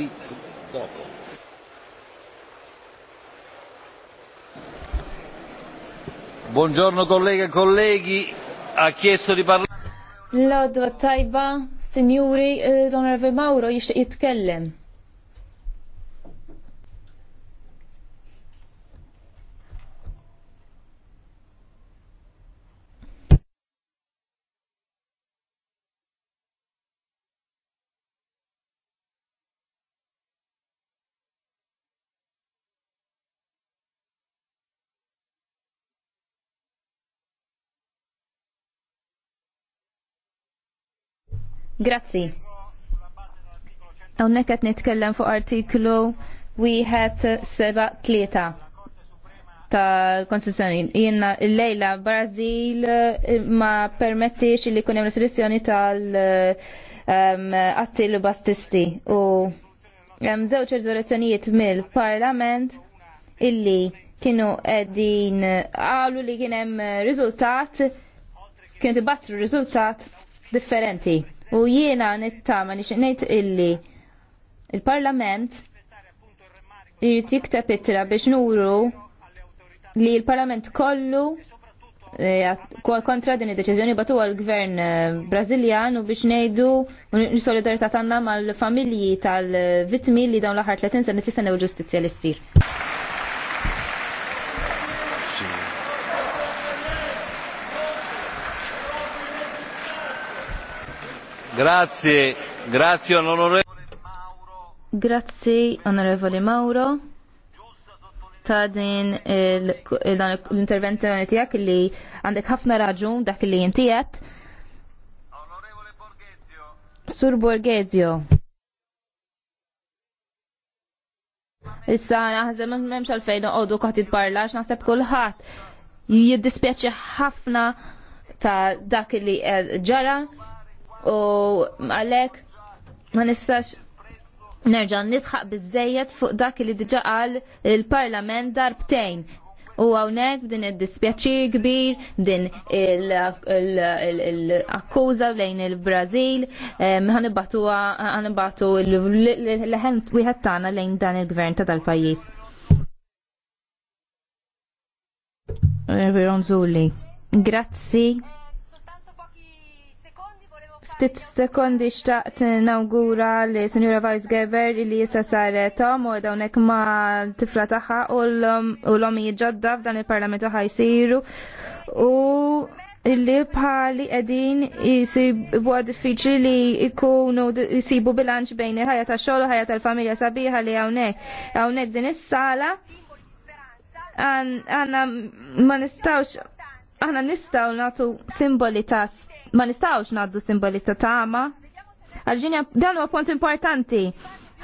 dritto dopo. Buongiorno colleghe e colleghi, ha chiesto di parlare. L-għadwa tajba, signori, eh, onorve Mauro jixtieq jitkellem. Grazzi. Hawnhekk qed nitkellem fuq artiklu wieħed seba' tlieta tal konstituzjoni Jiena l-lejla Brażil eh, ma permettix li jkun hemm risoluzzjoni tal-Attilu ehm, Bastisti u zewċ żewġ mill-Parlament illi kienu qegħdin qalu li kien hemm riżultat kienu tibastru riżultat differenti. U jiena nittama nixnejt illi il-Parlament irrit jikteb ittra biex nuru li l-Parlament kollu eh, kontra din id-deċiżjoni batu għal-gvern eh, Brażiljan u biex nejdu solidarità tagħna mal-familji tal-vitmi li dawn l-aħħar 30 sena tistennew ġustizzja li ssir. Grazie, grazie onorevole. Grazzi onorevole Mauro ta' din l-intervenzjoni tijak li għandek ħafna raġun dak li jintijat. Sur Borgezio. Issa naħseb memx għalfejn għodu koħti t-parlax, naħseb kullħat jiddispjaċi ħafna ta' dak li ġara u għalek ma nistax nerġa' nisħaq bizzejet fuq dak li diġa qal il-Parlament darbtejn. U hawnhekk din id-dispjaċir kbir, din l-akkuża lejn il-Brażil, eh, ħanibatuha ħanibatu l-leħen wieħed tagħna lejn dan il-gvern ta' dal-pajjiż. Grazzi ftit sekondi xtaqt inaugura li Senjura Vice Geber li jissa saret u dawnek ma tifla taħħa u l om ġodda f'dan il-parlament taħħa jsiru u illi bħali edin jisibu diffiċli li ikunu jisibu bilanċ bejn il-ħajja ta' xogħol u ħajja tal-familja sabiħa li hawnhekk. Hawnhekk din is-sala għandna ma nistgħux aħna nistgħu nagħtu simboli ta' ma nistawx naddu simboli ta' tama. Għalġinja, dan huwa punt importanti.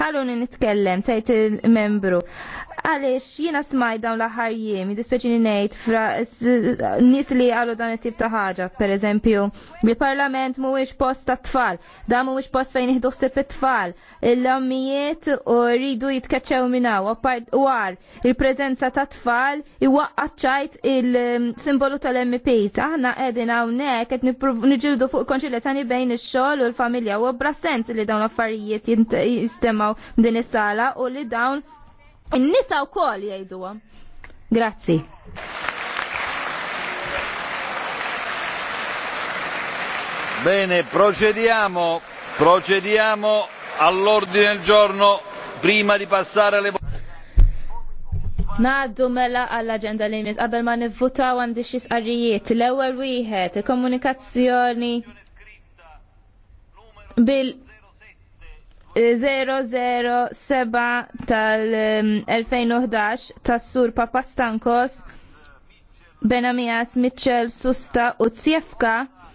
Ħallu nitkellem, tajt il-membru għalix jina smaj dawn laħar jiem, dispeċini fra nis li għallu dan it-tip ta' ħaġa, per eżempju, il-parlament muwix post ta' tfal, da muwix post fejn iħdu s sepp tfal, l-ammijiet u rridu jitkaċċew minnaw, u għar, il-prezenza ta' tfal, iwaqqaċċajt il-simbolu tal-MPs, aħna edin għawnek, et nġildu fuq konċilazzjoni bejn il-xol u l-familja, u sens li dawn affarijiet jistemaw din is-sala u li dawn u kol jajdu għam. Grazzi. Bene, procediamo, procediamo all'ordine del giorno prima di passare alle Naddu mela għall-agenda li jmiss qabel ma nivvutaw għandi xi l ewel wieħed, il-komunikazzjoni bil 007 tal-2011 tas-sur Papastankos Benamias Mitchell Susta u Tsjefka